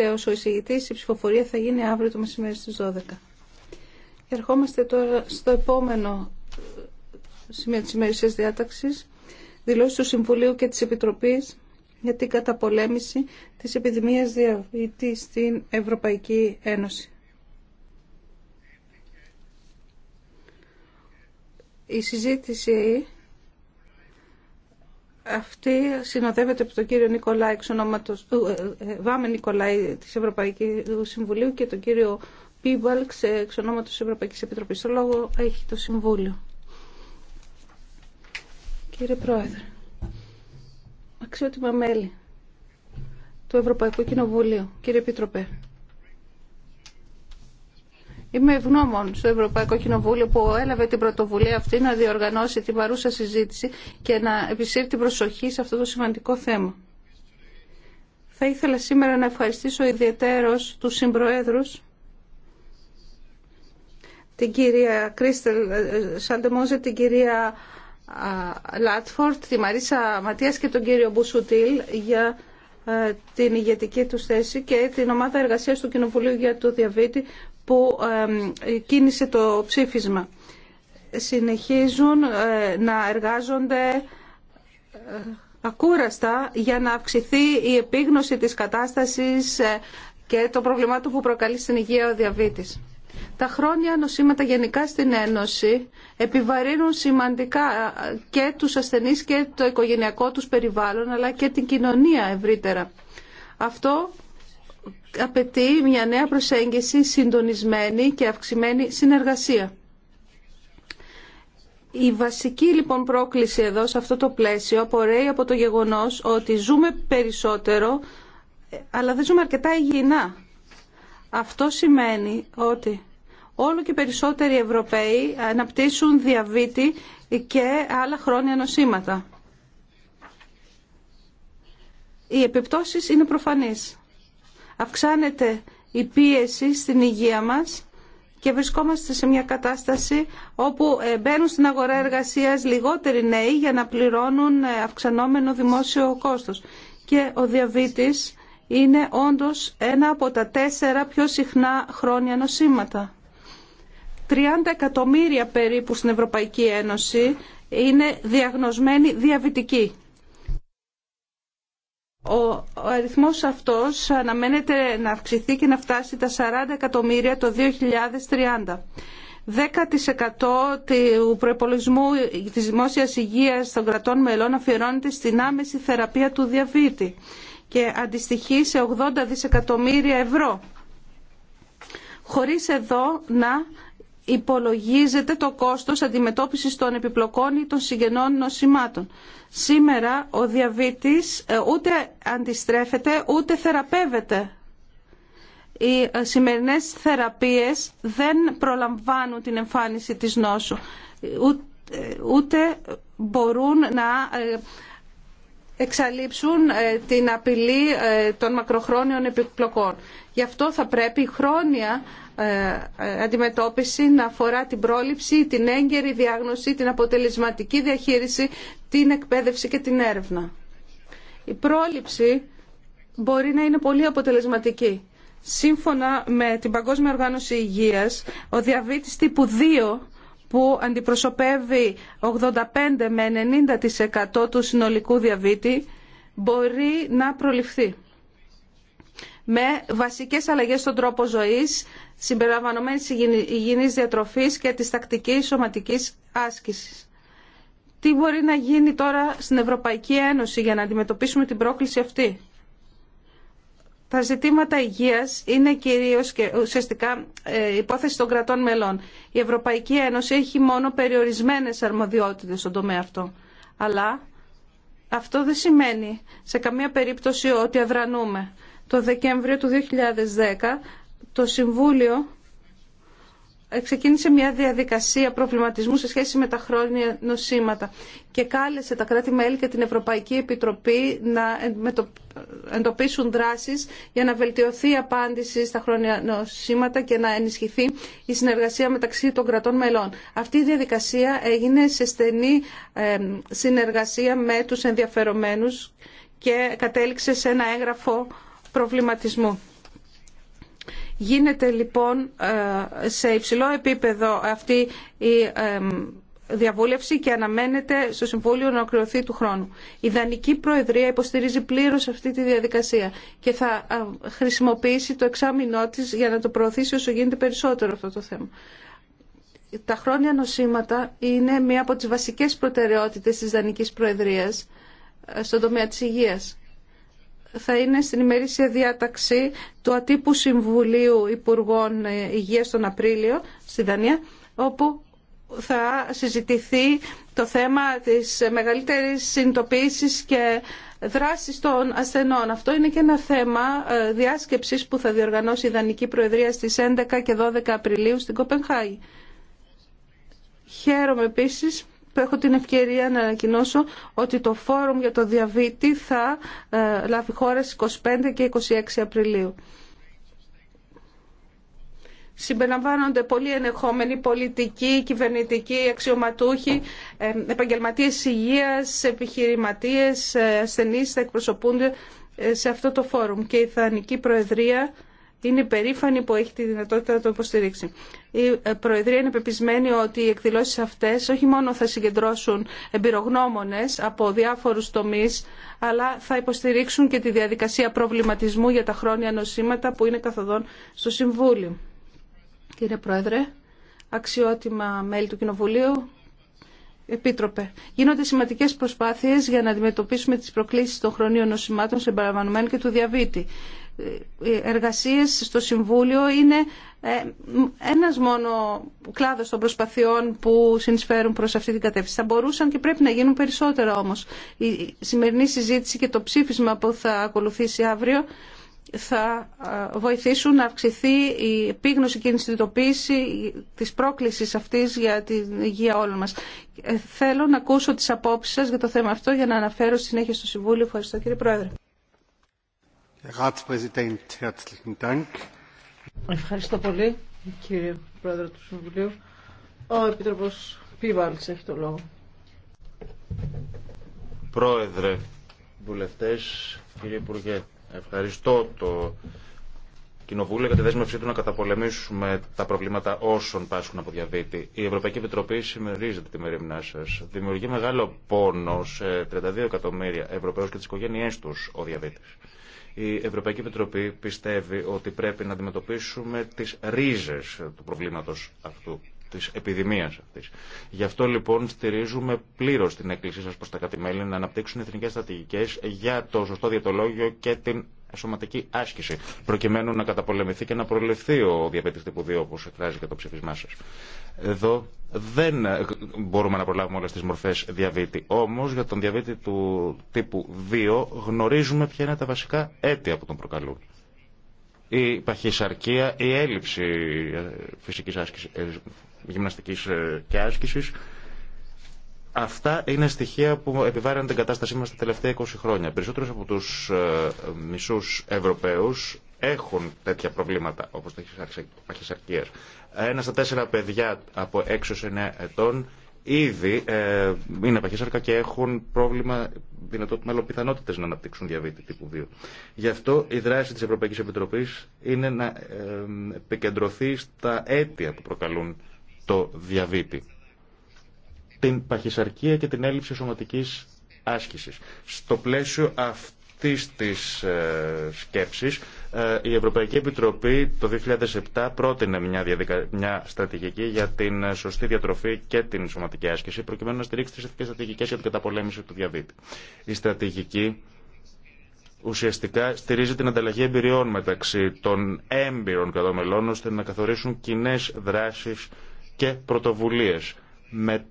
τελευταίος ο εισηγητή, Η ψηφοφορία θα γίνει αύριο το μεσημέρι στις 12. Ερχόμαστε τώρα στο επόμενο ε, σημείο τη ημερησία διάταξη, δηλώσει του Συμβουλίου και τη Επιτροπή για την καταπολέμηση της επιδημίας διαβήτη στην Ευρωπαϊκή Ένωση. Η συζήτηση αυτή συνοδεύεται από τον κύριο Νικολάη, εξ ε, ε, Βάμε Νικολάη της Ευρωπαϊκής Συμβουλίου και τον κύριο Πίμπαλξ, εξ ονόματος Ευρωπαϊκής Επιτροπής. Στο λόγο έχει το Συμβούλιο. Κύριε Πρόεδρε, αξιότιμα μέλη του Ευρωπαϊκού Κοινοβουλίου, κύριε Επίτροπε, Είμαι ευγνώμων στο Ευρωπαϊκό Κοινοβούλιο που έλαβε την πρωτοβουλία αυτή να διοργανώσει την παρούσα συζήτηση και να επισύρει την προσοχή σε αυτό το σημαντικό θέμα. Θα ήθελα σήμερα να ευχαριστήσω ιδιαίτερος τους συμπροέδρους την κυρία Κρίστελ ε, Σαντεμόζε, την κυρία Λάτφορτ, τη Μαρίσα Ματίας και τον κύριο Μπουσουτήλ για ε, την ηγετική του θέση και την ομάδα εργασίας του Κοινοβουλίου για το Διαβήτη που κίνησε το ψήφισμα. Συνεχίζουν ε, να εργάζονται ε, ακούραστα για να αυξηθεί η επίγνωση της κατάστασης ε, και των προβλημάτων που προκαλεί στην υγεία ο διαβήτης. Τα χρόνια νοσήματα γενικά στην Ένωση επιβαρύνουν σημαντικά και τους ασθενείς και το οικογενειακό τους περιβάλλον αλλά και την κοινωνία ευρύτερα. Αυτό απαιτεί μια νέα προσέγγιση συντονισμένη και αυξημένη συνεργασία. Η βασική λοιπόν πρόκληση εδώ σε αυτό το πλαίσιο απορρέει από το γεγονός ότι ζούμε περισσότερο αλλά δεν ζούμε αρκετά υγιεινά. Αυτό σημαίνει ότι όλο και περισσότεροι Ευρωπαίοι αναπτύσσουν διαβήτη και άλλα χρόνια νοσήματα. Οι επιπτώσεις είναι προφανείς. Αυξάνεται η πίεση στην υγεία μας και βρισκόμαστε σε μια κατάσταση όπου ε, μπαίνουν στην αγορά εργασίας λιγότεροι νέοι για να πληρώνουν ε, αυξανόμενο δημόσιο κόστος. Και ο διαβήτης είναι όντως ένα από τα τέσσερα πιο συχνά χρόνια νοσήματα. 30 εκατομμύρια περίπου στην Ευρωπαϊκή Ένωση είναι διαγνωσμένοι διαβητικοί. Ο αριθμός αυτός αναμένεται να αυξηθεί και να φτάσει τα 40 εκατομμύρια το 2030. 10% του προπολογισμού της δημόσιας υγείας των κρατών μελών αφιερώνεται στην άμεση θεραπεία του διαβήτη και αντιστοιχεί σε 80 δισεκατομμύρια ευρώ χωρίς εδώ να υπολογίζεται το κόστος αντιμετώπισης των επιπλοκών ή των συγγενών νοσημάτων. Σήμερα ο διαβήτης ε, ούτε αντιστρέφεται ούτε θεραπεύεται. Οι ε, σημερινές θεραπείες δεν προλαμβάνουν την εμφάνιση της νόσου, ε, ούτε μπορούν να εξαλείψουν την απειλή των μακροχρόνιων επιπλοκών. Γι' αυτό θα πρέπει η των συγγενων νοσηματων σημερα ο διαβητης ουτε αντιστρεφεται ουτε θεραπευεται οι σημερινες θεραπειες δεν προλαμβανουν την εμφανιση της νοσου ουτε μπορουν να εξαλειψουν την απειλη των μακροχρονιων επιπλοκων γι αυτο θα πρεπει χρονια ε, ε, αντιμετώπιση να αφορά την πρόληψη, την έγκαιρη διάγνωση, την αποτελεσματική διαχείριση, την εκπαίδευση και την έρευνα. Η πρόληψη μπορεί να είναι πολύ αποτελεσματική. Σύμφωνα με την Παγκόσμια Οργάνωση Υγείας, ο διαβήτης τύπου 2 που αντιπροσωπεύει 85 με 90% του συνολικού διαβήτη, μπορεί να προληφθεί με βασικές αλλαγές στον τρόπο ζωής, συμπεριλαμβανομένης υγιεινής διατροφής και της τακτικής σωματικής άσκησης. Τι μπορεί να γίνει τώρα στην Ευρωπαϊκή Ένωση για να αντιμετωπίσουμε την πρόκληση αυτή. Τα ζητήματα υγείας είναι κυρίως και ουσιαστικά ε, υπόθεση των κρατών μελών. Η Ευρωπαϊκή Ένωση έχει μόνο περιορισμένες αρμοδιότητες στον τομέα αυτό. Αλλά αυτό δεν σημαίνει σε καμία περίπτωση ότι αδρανούμε. Το Δεκέμβριο του 2010 το Συμβούλιο ξεκίνησε μια διαδικασία προβληματισμού σε σχέση με τα χρόνια νοσήματα και κάλεσε τα κράτη-μέλη και την Ευρωπαϊκή Επιτροπή να εντοπίσουν δράσεις για να βελτιωθεί η απάντηση στα χρόνια νοσήματα και να ενισχυθεί η συνεργασία μεταξύ των κρατών μελών. Αυτή η διαδικασία έγινε σε στενή συνεργασία με τους ενδιαφερομένους και κατέληξε σε ένα έγγραφο προβληματισμού. Γίνεται λοιπόν ε, σε υψηλό επίπεδο αυτή η ε, διαβούλευση και αναμένεται στο Συμβούλιο να ολοκληρωθεί του χρόνου. Η Δανική Προεδρία υποστηρίζει πλήρω αυτή τη διαδικασία και θα ε, χρησιμοποιήσει το εξάμεινό τη για να το προωθήσει όσο γίνεται περισσότερο αυτό το θέμα. Τα χρόνια νοσήματα είναι μία από τις βασικές προτεραιότητες της Δανικής Προεδρίας στον τομέα της υγείας θα είναι στην ημερήσια διάταξη του Ατύπου Συμβουλίου Υπουργών Υγείας τον Απρίλιο στη Δανία, όπου θα συζητηθεί το θέμα της μεγαλύτερης συνειδητοποίησης και δράσης των ασθενών. Αυτό είναι και ένα θέμα ε, διάσκεψης που θα διοργανώσει η Δανική Προεδρία στις 11 και 12 Απριλίου στην Κοπενχάγη. Χαίρομαι επίσης που έχω την ευκαιρία να ανακοινώσω ότι το φόρουμ για το διαβήτη θα ε, λάβει χώρα στις 25 και 26 Απριλίου. Συμπεριλαμβάνονται πολλοί ενεχόμενοι πολιτικοί, κυβερνητικοί, αξιωματούχοι, ε, επαγγελματίες υγείας, επιχειρηματίες, ε, ασθενείς θα εκπροσωπούνται σε αυτό το φόρουμ και η Ιθανική Προεδρία είναι περήφανη που έχει τη δυνατότητα να το υποστηρίξει. Η ε, Προεδρία είναι πεπισμένη ότι οι εκδηλώσεις αυτές όχι μόνο θα συγκεντρώσουν εμπειρογνώμονες από διάφορους τομείς, αλλά θα υποστηρίξουν και τη διαδικασία προβληματισμού για τα χρόνια νοσήματα που είναι καθοδόν στο Συμβούλιο. Κύριε Πρόεδρε, αξιότιμα μέλη του Κοινοβουλίου, Επίτροπε, γίνονται σημαντικέ προσπάθειε για να αντιμετωπίσουμε τι προκλήσει των χρονίων νοσημάτων σε και του διαβήτη οι ε, εργασίες στο Συμβούλιο είναι ε, ένας μόνο κλάδος των προσπαθειών που συνεισφέρουν προς αυτή την κατεύθυνση. Θα μπορούσαν και πρέπει να γίνουν περισσότερα όμως. Η σημερινή συζήτηση και το ψήφισμα που θα ακολουθήσει αύριο θα ε, βοηθήσουν να αυξηθεί η επίγνωση και η συνειδητοποίηση της πρόκλησης αυτής για την υγεία όλων μας. Θέλω να ακούσω τις απόψεις σας για το θέμα αυτό για να αναφέρω συνέχεια στο Συμβούλιο. Ευχαριστώ κύριε Πρόεδρε. Ευχαριστώ πολύ, κύριε Πρόεδρε του Συμβουλίου. Ο Επίτροπος Πίβαλς έχει το λόγο. Πρόεδρε, βουλευτές, κύριε Υπουργέ, ευχαριστώ το Κοινοβούλιο για τη δέσμευσή του να καταπολεμήσουμε τα προβλήματα όσων πάσχουν από διαβήτη. Η Ευρωπαϊκή Επιτροπή συμμερίζεται τη μερίμνά σα. Δημιουργεί μεγάλο πόνο σε 32 εκατομμύρια Ευρωπαίου και τι οικογένειέ του ο διαβήτη. Η Ευρωπαϊκή Επιτροπή πιστεύει ότι πρέπει να αντιμετωπίσουμε τις ρίζες του προβλήματος αυτού της επιδημίας αυτής. Γι' αυτό λοιπόν στηρίζουμε πλήρως την έκκλησή σας προς τα κατημέλη να αναπτύξουν εθνικές στρατηγικές για το σωστό διατολόγιο και την σωματική άσκηση, προκειμένου να καταπολεμηθεί και να προληφθεί ο διαβήτης τύπου 2, όπως εκφράζει και το ψηφισμά σας. Εδώ δεν μπορούμε να προλάβουμε όλες τις μορφές διαβήτη. Όμως, για τον διαβήτη του τύπου 2 γνωρίζουμε ποια είναι τα βασικά αίτια που τον προκαλούν η παχυσαρκία, η έλλειψη ε, φυσικής άσκησης, ε, γυμναστικής ε, και άσκησης, Αυτά είναι στοιχεία που επιβάρυναν την κατάστασή μα τα τελευταία 20 χρόνια. Περισσότερου από τους ε, μισού Ευρωπαίους έχουν τέτοια προβλήματα, όπω τα χεισαρκία. Ένα στα τέσσερα παιδιά από 6-9 ετών ήδη ε, είναι παχύσαρκα και έχουν πρόβλημα μέλλον πιθανότητες να αναπτύξουν διαβήτη τύπου 2. Γι' αυτό η δράση της Ευρωπαϊκής Επιτροπής είναι να ε, επικεντρωθεί στα αίτια που προκαλούν το διαβήτη την παχυσαρκία και την έλλειψη σωματικής άσκησης. Στο πλαίσιο αυτής της ε, σκέψης, ε, η Ευρωπαϊκή Επιτροπή το 2007 πρότεινε μια, μια στρατηγική για την ε, σωστή διατροφή και την σωματική άσκηση, προκειμένου να στηρίξει τις εθνικές στρατηγικές για την καταπολέμηση του διαβήτη. Η στρατηγική ουσιαστικά στηρίζει την ανταλλαγή εμπειριών μεταξύ των έμπειρων κατομελών ώστε να καθορίσουν κοινέ δράσεις και πρωτοβουλίες με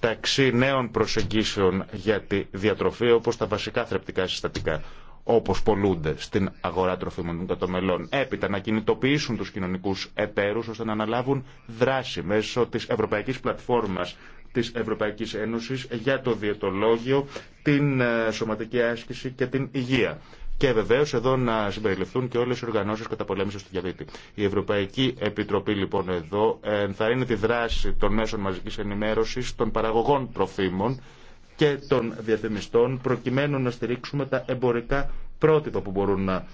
ταξί νέων προσεγγίσεων για τη διατροφή όπως τα βασικά θρεπτικά συστατικά όπως πολλούνται στην αγορά τροφίμων των κατομελών. Έπειτα να κινητοποιήσουν τους κοινωνικούς εταίρους ώστε να αναλάβουν δράση μέσω της Ευρωπαϊκής Πλατφόρμας της Ευρωπαϊκής Ένωσης για το διαιτολόγιο, την ε, σωματική άσκηση και την υγεία. Και βεβαίω εδώ να συμπεριληφθούν και όλε οι οργανώσει καταπολέμηση του διαβήτη. Η Ευρωπαϊκή Επιτροπή λοιπόν εδώ ε, θα είναι τη δράση των μέσων μαζική ενημέρωση, των παραγωγών τροφίμων και των διαφημιστών προκειμένου να στηρίξουμε τα εμπορικά πρότυπα που μπορούν να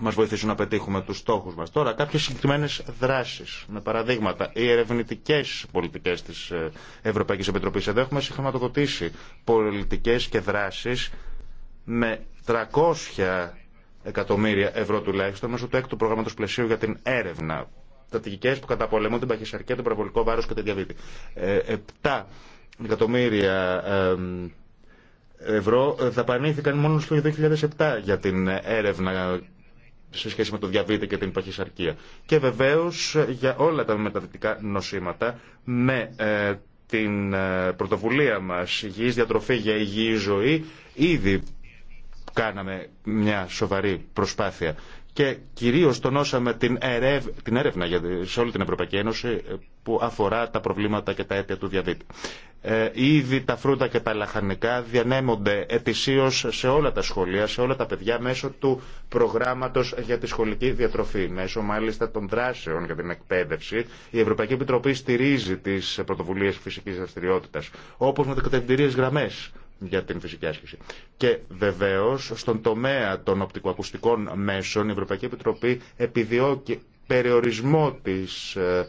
μας βοηθήσουν να πετύχουμε τους στόχους μας. Τώρα κάποιες συγκεκριμένες δράσεις με παραδείγματα. Οι ερευνητικές πολιτικές της ε, Ευρωπαϊκής Επιτροπή. εδώ έχουμε συγχρηματοδοτήσει πολιτικέ και δράσει με 300 εκατομμύρια ευρώ τουλάχιστον μέσω του έκτου προγράμματος πλαισίου για την έρευνα. Στρατηγικέ που καταπολεμούν την παχυσαρκία, τον πραγματικό βάρο και τη διαβήτη. 7 ε, εκατομμύρια ευρώ δαπανήθηκαν μόνο στο 2007 για την έρευνα σε σχέση με το διαβίτη και την παχυσαρκία. Και βεβαίω για όλα τα μεταδυτικά νοσήματα με ε, την ε, πρωτοβουλία μας υγιής διατροφή για υγιή ζωή ήδη κάναμε μια σοβαρή προσπάθεια και κυρίως τονώσαμε την, ερευ... την έρευνα σε όλη την Ευρωπαϊκή Ένωση ε, που αφορά τα προβλήματα και τα αίτια του διαβήτη. Ε, ήδη τα φρούτα και τα λαχανικά διανέμονται ετησίως σε όλα τα σχολεία, σε όλα τα παιδιά μέσω του προγράμματος για τη σχολική διατροφή, μέσω μάλιστα των δράσεων για την εκπαίδευση. Η Ευρωπαϊκή Επιτροπή στηρίζει τις πρωτοβουλίες φυσικής δραστηριότητα, όπως με κατευθυντηρίες γραμμές για την φυσική άσκηση. Και βεβαίω στον τομέα των οπτικοακουστικών μέσων η Ευρωπαϊκή Επιτροπή επιδιώκει περιορισμό της ε,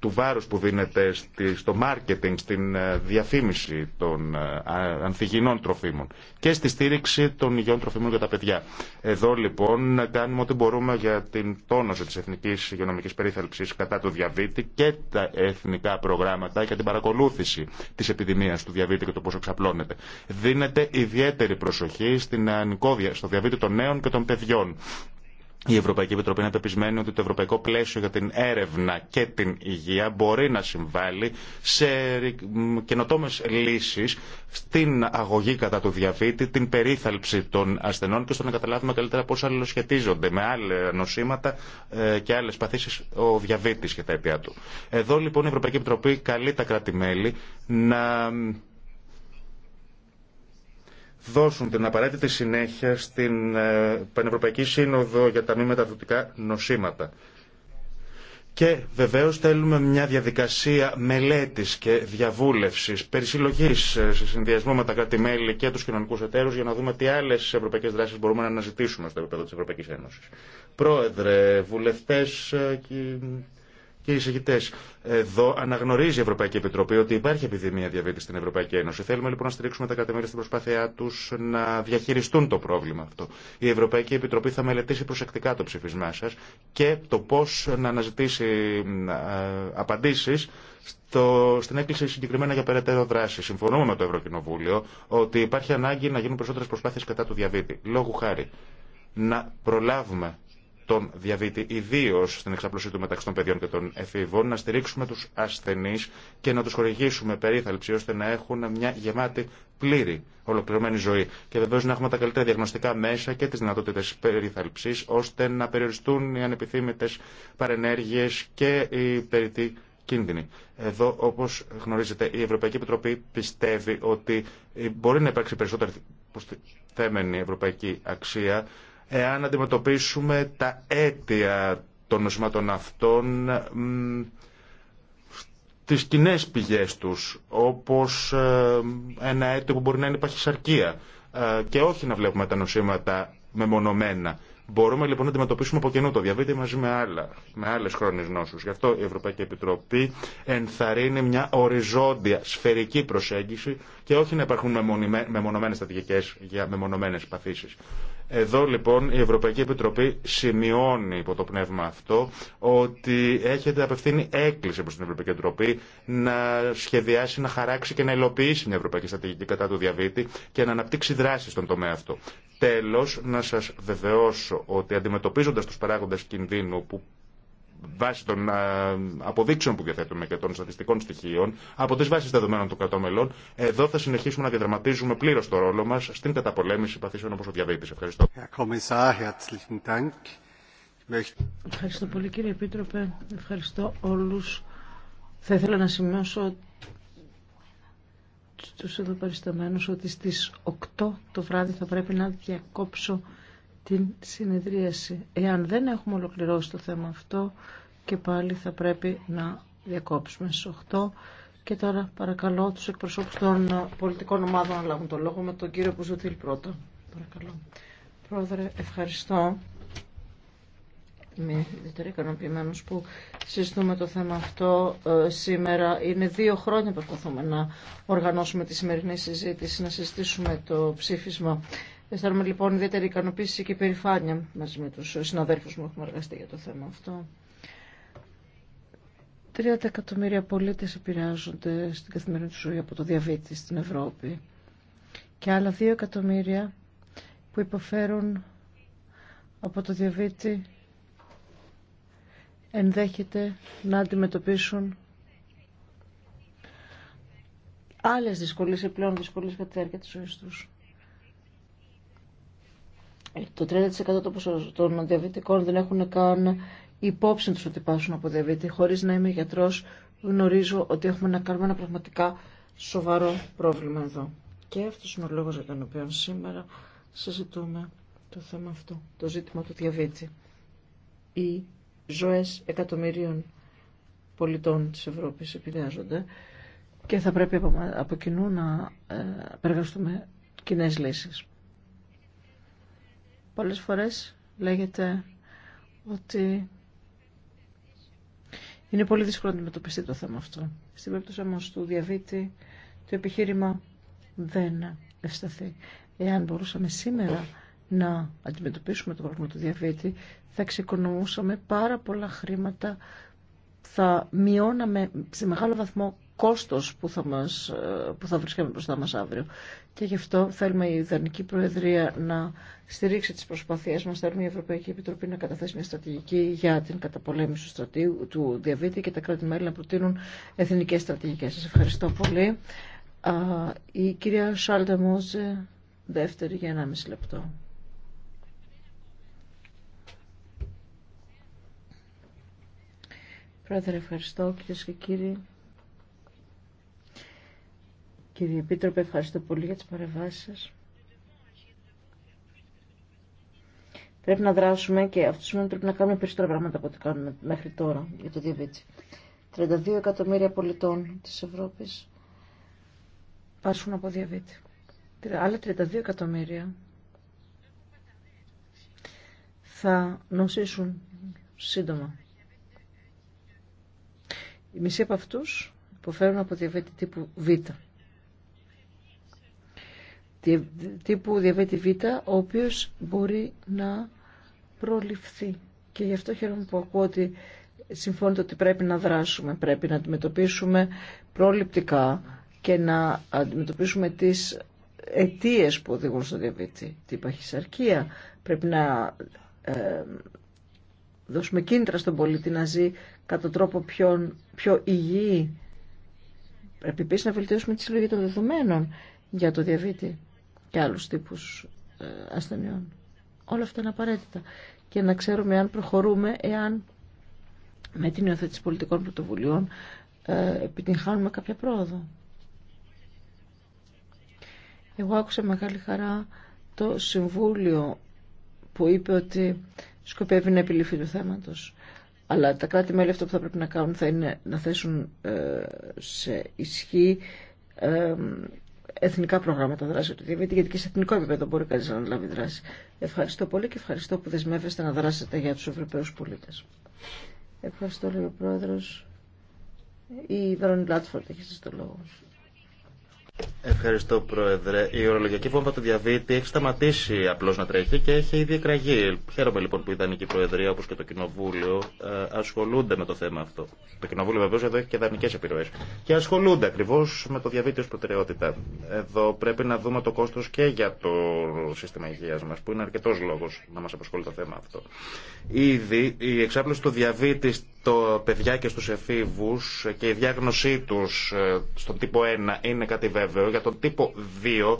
του βάρους που δίνεται στο μάρκετινγκ, στην ε, διαφήμιση των ε, ανθυγινών τροφίμων και στη στήριξη των υγιών τροφίμων για τα παιδιά. Εδώ λοιπόν κάνουμε ό,τι μπορούμε για την τόνωση της Εθνικής Υγειονομικής Περίθαλψης κατά του διαβήτη και τα εθνικά προγράμματα για την παρακολούθηση της επιδημίας του διαβήτη και το πόσο εξαπλώνεται. Δίνεται ιδιαίτερη προσοχή στην ε, στο διαβήτη των νέων και των παιδιών η Ευρωπαϊκή Επιτροπή είναι πεπισμένη ότι το ευρωπαϊκό πλαίσιο για την έρευνα και την υγεία μπορεί να συμβάλλει σε καινοτόμε λύσει στην αγωγή κατά του διαβήτη, την περίθαλψη των ασθενών και στο να καταλάβουμε καλύτερα πώ αλληλοσχετίζονται με άλλα νοσήματα ε, και άλλε παθήσει ο διαβήτη και τα αιτία του. Εδώ λοιπόν η Ευρωπαϊκή Επιτροπή καλεί τα κράτη-μέλη να δώσουν την απαραίτητη συνέχεια στην ε, Πανευρωπαϊκή Σύνοδο για τα μη μεταδοτικά νοσήματα. Και βεβαίως θέλουμε μια διαδικασία μελέτης και διαβούλευσης, περισυλλογής ε, σε συνδυασμό με τα κράτη-μέλη και τους κοινωνικούς εταίρους για να δούμε τι άλλες ευρωπαϊκές δράσεις μπορούμε να αναζητήσουμε στο επίπεδο της Ευρωπαϊκής Ένωσης. Πρόεδρε, βουλευτές ε, και οι εισηγητέ. Εδώ αναγνωρίζει η Ευρωπαϊκή Επιτροπή ότι υπάρχει επιδημία διαβήτη στην Ευρωπαϊκή Ένωση. Θέλουμε λοιπόν να στηρίξουμε τα κατεμέρια στην προσπάθειά του να διαχειριστούν το πρόβλημα αυτό. Η Ευρωπαϊκή Επιτροπή θα μελετήσει προσεκτικά το ψηφισμά σα και το πώ να αναζητήσει ε, απαντήσει στην έκκληση συγκεκριμένα για περαιτέρω δράση. Συμφωνούμε με το Ευρωκοινοβούλιο ότι υπάρχει ανάγκη να γίνουν περισσότερε προσπάθειε κατά του διαβήτη. Λόγου χάρη να προλάβουμε τον διαβήτη, ιδίω στην εξαπλωσή του μεταξύ των παιδιών και των εφήβων, να στηρίξουμε του ασθενεί και να του χορηγήσουμε περίθαλψη ώστε να έχουν μια γεμάτη πλήρη ολοκληρωμένη ζωή. Και βεβαίω να έχουμε τα καλύτερα διαγνωστικά μέσα και τι δυνατότητε περίθαλψη ώστε να περιοριστούν οι ανεπιθύμητε παρενέργειε και οι περιττοί κίνδυνοι. Εδώ, όπω γνωρίζετε, η Ευρωπαϊκή Επιτροπή πιστεύει ότι μπορεί να υπάρξει περισσότερη θέμενη ευρωπαϊκή αξία εάν αντιμετωπίσουμε τα αίτια των νοσημάτων αυτών τις κοινέ πηγές τους, όπως ε, ένα αίτιο που μπορεί να είναι παχυσαρκία ε, και όχι να βλέπουμε τα νοσήματα μεμονωμένα. Μπορούμε λοιπόν να αντιμετωπίσουμε από κοινού το διαβήτη μαζί με, άλλα, με άλλες χρόνιες νόσους. Γι' αυτό η Ευρωπαϊκή Επιτροπή ενθαρρύνει μια οριζόντια, σφαιρική προσέγγιση και όχι να υπάρχουν μεμονωμένες στατικές για μεμονωμένες παθήσεις. Εδώ λοιπόν η Ευρωπαϊκή Επιτροπή σημειώνει υπό το πνεύμα αυτό ότι έχετε απευθύνει έκκληση προς την Ευρωπαϊκή Επιτροπή να σχεδιάσει, να χαράξει και να υλοποιήσει μια Ευρωπαϊκή Στρατηγική κατά του διαβήτη και να αναπτύξει δράσεις στον τομέα αυτό. Τέλος, να σας βεβαιώσω ότι αντιμετωπίζοντας τους παράγοντες κινδύνου που βάσει των ε, αποδείξεων που διαθέτουμε και των στατιστικών στοιχείων, από τι βάσει δεδομένων των κρατών εδώ θα συνεχίσουμε να διαδραματίζουμε πλήρω το ρόλο μα στην καταπολέμηση παθήσεων όπω ο διαβήτη. Ευχαριστώ. Ευχαριστώ πολύ κύριε Επίτροπε. Ευχαριστώ όλου. Θα ήθελα να σημειώσω στους εδώ παρισταμένους ότι στις 8 το βράδυ θα πρέπει να διακόψω την συνεδρίαση. Εάν δεν έχουμε ολοκληρώσει το θέμα αυτό και πάλι θα πρέπει να διακόψουμε στις 8. Και τώρα παρακαλώ τους εκπροσώπους των πολιτικών ομάδων να λάβουν το λόγο με τον κύριο Πουζουτήλ πρώτα. Παρακαλώ. Πρόεδρε, ευχαριστώ. Είμαι ιδιαίτερα ικανοποιημένο που συζητούμε το θέμα αυτό ε, σήμερα. Είναι δύο χρόνια που προσπαθούμε να οργανώσουμε τη σημερινή συζήτηση, να συζητήσουμε το ψήφισμα Αισθάνομαι λοιπόν ιδιαίτερη ικανοποίηση και υπερηφάνεια μαζί με τους συναδέρφους μου που έχουμε εργαστεί για το θέμα αυτό. Τρία εκατομμύρια πολίτες επηρεάζονται στην καθημερινή του ζωή από το διαβήτη στην Ευρώπη και άλλα 2 εκατομμύρια που υποφέρουν από το διαβήτη ενδέχεται να αντιμετωπίσουν άλλες δυσκολίες, πλέον δυσκολίες κατά τη διάρκεια της ζωής τους. Ε, το 30% των διαβητικών δεν έχουν καν υπόψη τους ότι πάσουν από διαβήτη. Χωρίς να είμαι γιατρός γνωρίζω ότι έχουμε να κάνουμε ένα πραγματικά σοβαρό πρόβλημα εδώ. Και αυτός είναι ο λόγος για τον οποίο σήμερα συζητούμε το θέμα αυτό, το ζήτημα του διαβήτη. Οι ζωές εκατομμυρίων πολιτών της Ευρώπης επηρεάζονται και θα πρέπει από κοινού να ε, κοινέ λύσεις. Πολλές φορές λέγεται ότι είναι πολύ δύσκολο να αντιμετωπιστεί το θέμα αυτό. Στην περίπτωση όμως του διαβήτη το επιχείρημα δεν ευσταθεί. Εάν μπορούσαμε σήμερα να αντιμετωπίσουμε το πρόβλημα του διαβήτη θα ξεκονομούσαμε πάρα πολλά χρήματα θα μειώναμε σε μεγάλο βαθμό κόστος που θα, μας, που θα βρίσκαμε μπροστά μας αύριο. Και γι' αυτό θέλουμε η Ιδανική Προεδρία να στηρίξει τις προσπαθίες μας. Θέλουμε η Ευρωπαϊκή Επιτροπή να καταθέσει μια στρατηγική για την καταπολέμηση του, στρατιού, του διαβήτη και τα κράτη-μέλη να προτείνουν εθνικές στρατηγικές. Σας ευχαριστώ πολύ. Η κυρία Σάλτε Μόζε, δεύτερη για μισή λεπτό. Πρόεδρε, ευχαριστώ κυρίε και κύριοι. Κύριε Επίτροπε, ευχαριστώ πολύ για τις παρεμβάσεις σας. Πρέπει να δράσουμε και αυτό σημαίνει πρέπει να κάνουμε περισσότερα πράγματα από ό,τι κάνουμε μέχρι τώρα για το διαβήτη. 32 εκατομμύρια πολιτών της Ευρώπης πάσχουν από διαβίτη. Άλλα 32 εκατομμύρια θα νοσήσουν σύντομα. Οι μισοί από αυτού υποφέρουν από διαβέτη τύπου Β. Τύπου διαβέτη Β, ο οποίος μπορεί να προληφθεί. Και γι' αυτό χαίρομαι που ακούω ότι συμφώνεται ότι πρέπει να δράσουμε, πρέπει να αντιμετωπίσουμε προληπτικά και να αντιμετωπίσουμε τις αιτίες που οδηγούν στο διαβήτη, την παχυσαρκία. Πρέπει να ε, δώσουμε κίνητρα στον πολίτη να ζει κατά τρόπο πιο, πιο υγιή. Πρέπει επίση να βελτιώσουμε τη συλλογή των δεδομένων για το διαβήτη και άλλους τύπους ε, ασθενειών. Όλα αυτά είναι απαραίτητα. Και να ξέρουμε αν προχωρούμε, εάν με την υιοθέτηση πολιτικών πρωτοβουλειών ε, επιτυγχάνουμε κάποια πρόοδο. Εγώ άκουσα μεγάλη χαρά το Συμβούλιο που είπε ότι σκοπεύει να επιληφθεί του θέματος. Αλλά τα κράτη-μέλη αυτό που θα πρέπει να κάνουν θα είναι να θέσουν ε, σε ισχύ ε, εθνικά προγράμματα δράση του διαβήτη, γιατί και σε εθνικό επίπεδο μπορεί κανεί να λάβει δράση. Ευχαριστώ πολύ και ευχαριστώ που δεσμεύεστε να δράσετε για του Ευρωπαίου πολίτε. Ευχαριστώ, λέει ο Πρόεδρο. Η Βαρόνι Λάτφορντ έχει σα το λόγο. Ευχαριστώ, Πρόεδρε. Η ορολογιακή βόμβα του διαβήτη έχει σταματήσει απλώ να τρέχει και έχει ήδη εκραγεί. Χαίρομαι λοιπόν που η Δανική Προεδρία, όπω και το Κοινοβούλιο, ε, ασχολούνται με το θέμα αυτό. Το Κοινοβούλιο βεβαίω εδώ έχει και δανεικέ επιρροέ. Και ασχολούνται ακριβώ με το διαβήτη ω προτεραιότητα. Εδώ πρέπει να δούμε το κόστο και για το σύστημα υγεία μα, που είναι αρκετό λόγο να μα απασχολεί το θέμα αυτό. Ήδη η εξάπλωση του διαβήτη στο παιδιά και στου εφήβου και η διάγνωσή του ε, στον τύπο 1 είναι κάτι βέβαιο για τον τύπο 2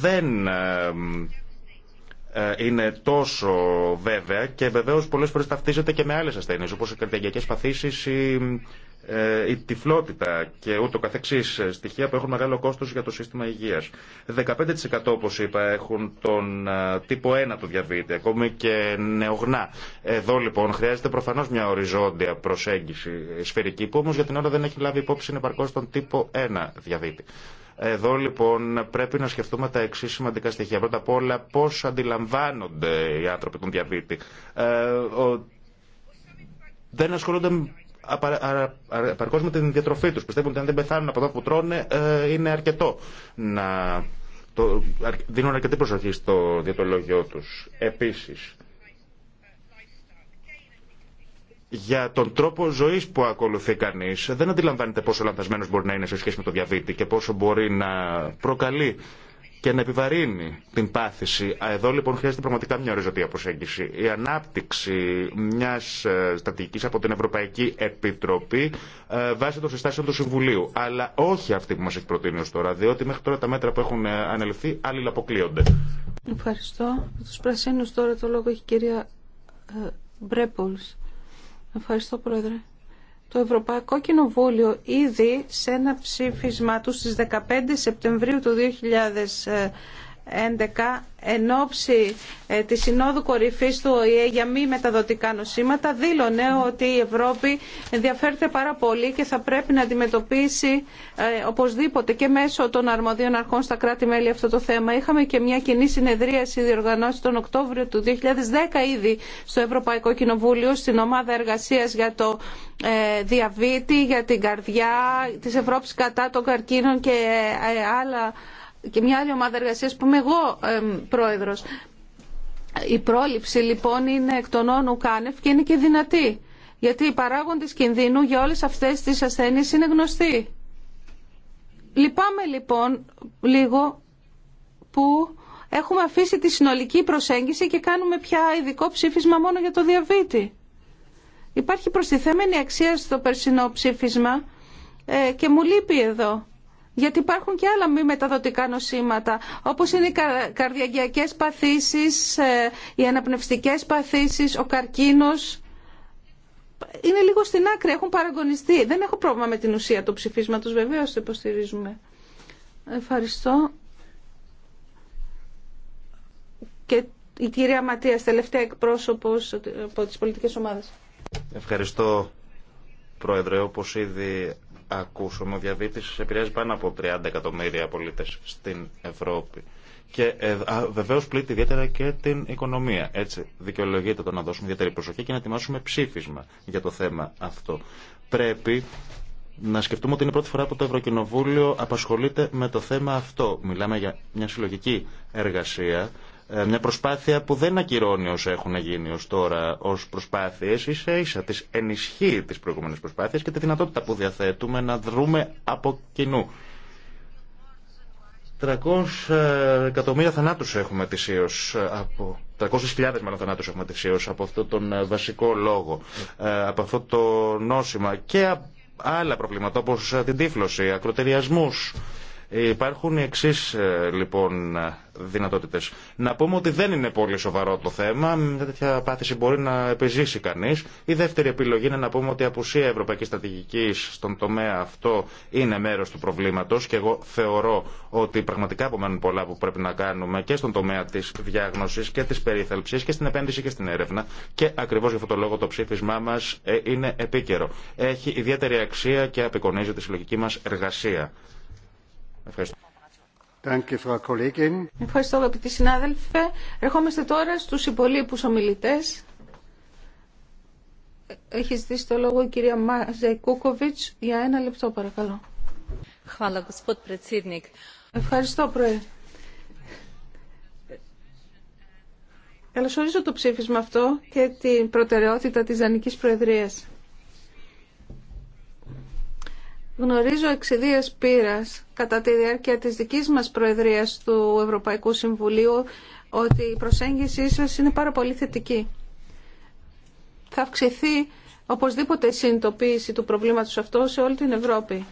δεν ε, είναι τόσο βέβαια και βεβαίω πολλέ φορέ ταυτίζεται και με άλλε ασθένειε όπω οι καρδιακέ παθήσει, η, ε, η τυφλότητα και ούτω καθεξή. Ε, στοιχεία που έχουν μεγάλο κόστο για το σύστημα υγεία. 15% όπω είπα έχουν τον τύπο 1 του διαβήτη, ακόμη και νεογνά. Εδώ λοιπόν χρειάζεται προφανώ μια οριζόντια προσέγγιση σφαιρική που όμω για την ώρα δεν έχει λάβει υπόψη παρκώ τον τύπο 1 διαβίτη. Εδώ λοιπόν πρέπει να σκεφτούμε τα εξή σημαντικά στοιχεία. Πρώτα απ' όλα πώ αντιλαμβάνονται οι άνθρωποι τον διαβήτη. Ε, δεν ασχολούνται απαρκώ με την διατροφή του. Πιστεύουν ότι αν δεν πεθάνουν από αυτό που τρώνε ε, είναι αρκετό να το, δίνουν αρκετή προσοχή στο διατολόγιο τους. Επίσης, για τον τρόπο ζωή που ακολουθεί κανεί, δεν αντιλαμβάνεται πόσο λανθασμένο μπορεί να είναι σε σχέση με το διαβήτη και πόσο μπορεί να προκαλεί και να επιβαρύνει την πάθηση. Εδώ λοιπόν χρειάζεται πραγματικά μια οριζοντία προσέγγιση. Η ανάπτυξη μια ε, στρατηγική από την Ευρωπαϊκή Επιτροπή ε, βάσει των συστάσεων του Συμβουλίου. Αλλά όχι αυτή που μα έχει προτείνει ω τώρα, διότι μέχρι τώρα τα μέτρα που έχουν ε, ανελθεί αλληλαποκλείονται. Ευχαριστώ. Του πρασίνου τώρα το λόγο έχει η κυρία Μπρέπολς. Ευχαριστώ, Πρόεδρε. Το Ευρωπαϊκό Κοινοβούλιο ήδη σε ένα ψήφισμά του στις 15 Σεπτεμβρίου του 11 εν ώψη ε, της Συνόδου Κορυφής του ΟΗΕ για μη μεταδοτικά νοσήματα δήλωνε ότι η Ευρώπη ενδιαφέρεται πάρα πολύ και θα πρέπει να αντιμετωπίσει ε, οπωσδήποτε και μέσω των αρμοδίων αρχών στα κράτη-μέλη αυτό το θέμα. Είχαμε και μια κοινή συνεδρίαση διοργανώσει τον Οκτώβριο του 2010 ήδη στο Ευρωπαϊκό Κοινοβούλιο στην ομάδα εργασίας για το ε, διαβήτη, για την καρδιά της Ευρώπης κατά των καρκίνων και ε, άλλα και μια άλλη ομάδα εργασία που είμαι εγώ πρόεδρος. Η πρόληψη λοιπόν είναι εκ των όνων κάνευ και είναι και δυνατή. Γιατί οι παράγοντε κινδύνου για όλες αυτές τις ασθένειες είναι γνωστοί. Λυπάμαι λοιπόν λίγο που έχουμε αφήσει τη συνολική προσέγγιση και κάνουμε πια ειδικό ψήφισμα μόνο για το διαβήτη. Υπάρχει προστιθέμενη αξία στο περσινό ψήφισμα ε, και μου λείπει εδώ γιατί υπάρχουν και άλλα μη μεταδοτικά νοσήματα, όπως είναι οι καρδιαγιακές παθήσεις, ε, οι αναπνευστικές παθήσεις, ο καρκίνος. Είναι λίγο στην άκρη, έχουν παραγωνιστεί. Δεν έχω πρόβλημα με την ουσία του ψηφίσματος, βεβαίως το υποστηρίζουμε. Ευχαριστώ. Και η κυρία Ματίας, τελευταία εκπρόσωπος από τις πολιτικές ομάδες. Ευχαριστώ, Πρόεδρε. Όπως ήδη ακούσουμε, ο διαβήτης επηρεάζει πάνω από 30 εκατομμύρια πολίτες στην Ευρώπη. Και ε, βεβαίω πλήττει ιδιαίτερα και την οικονομία. Έτσι, δικαιολογείται το να δώσουμε ιδιαίτερη προσοχή και να ετοιμάσουμε ψήφισμα για το θέμα αυτό. Πρέπει να σκεφτούμε ότι είναι η πρώτη φορά που το Ευρωκοινοβούλιο απασχολείται με το θέμα αυτό. Μιλάμε για μια συλλογική εργασία ε, μια προσπάθεια που δεν ακυρώνει όσα έχουν γίνει ω τώρα ως προσπάθειε ίσα ίσα τι ενισχύει τι προηγούμενε προσπάθειε και τη δυνατότητα που διαθέτουμε να δρούμε από κοινού. 300 εκατομμύρια θανάτους έχουμε ετησίω ε, από 300.000 μάλλον θανάτους έχουμε ετησίω από αυτόν τον ε, βασικό λόγο, από αυτό το νόσημα και άλλα προβλήματα όπω την τύφλωση, ακροτεριασμού. Υπάρχουν οι εξή ε, λοιπόν δυνατότητε. Να πούμε ότι δεν είναι πολύ σοβαρό το θέμα. Μια τέτοια πάθηση μπορεί να επιζήσει κανεί. Η δεύτερη επιλογή είναι να πούμε ότι η απουσία ευρωπαϊκή στρατηγική στον τομέα αυτό είναι μέρο του προβλήματο και εγώ θεωρώ ότι πραγματικά απομένουν πολλά που πρέπει να κάνουμε και στον τομέα τη διάγνωση και τη περίθαλψη και στην επένδυση και στην έρευνα. Και ακριβώ γι' αυτό το λόγο το ψήφισμά μα ε, είναι επίκαιρο. Έχει ιδιαίτερη αξία και απεικονίζει τη συλλογική μα εργασία. Ευχαριστώ. Ευχαριστώ αγαπητοί συνάδελφε. Ερχόμαστε τώρα στους υπολείπους ομιλητές. Έχει ζητήσει το λόγο η κυρία Μάζε για ένα λεπτό παρακαλώ. Ευχαριστώ Πρόεδρε. Καλωσορίζω το ψήφισμα αυτό και την προτεραιότητα της Δανικής Προεδρίας. Γνωρίζω εξαιδίας πείρας κατά τη διάρκεια της δικής μας Προεδρίας του Ευρωπαϊκού Συμβουλίου ότι η προσέγγιση σας είναι πάρα πολύ θετική. Θα αυξηθεί οπωσδήποτε η συνειδητοποίηση του προβλήματος αυτό σε όλη την Ευρώπη.